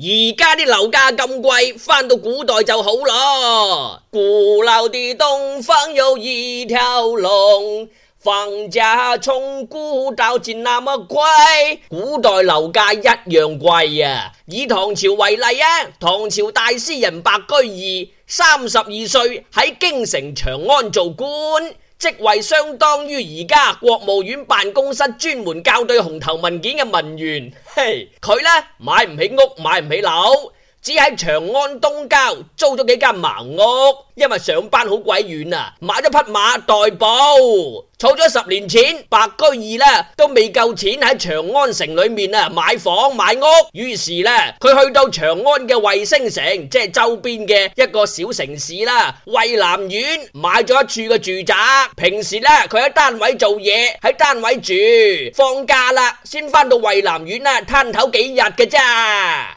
而家啲樓價咁貴，返到古代就好咯。古老嘅東方有一條龍，房價從古到今那麼貴，古代樓價一樣貴啊！以唐朝為例啊，唐朝大詩人白居易三十二歲喺京城長安做官。職位相當於而家國務院辦公室專門校對紅頭文件嘅文員，嘿，佢呢：「買唔起屋，買唔起樓。只喺長安東郊租咗幾間茅屋，因為上班好鬼遠啊，買咗匹馬代步，儲咗十年錢，白居易呢都未夠錢喺長安城裏面啊買房買屋，於是呢，佢去到長安嘅衛星城，即係周邊嘅一個小城市啦，渭南縣買咗一處嘅住宅。平時呢，佢喺單位做嘢，喺單位住，放假啦先返到渭南縣啦，攤頭幾日嘅咋。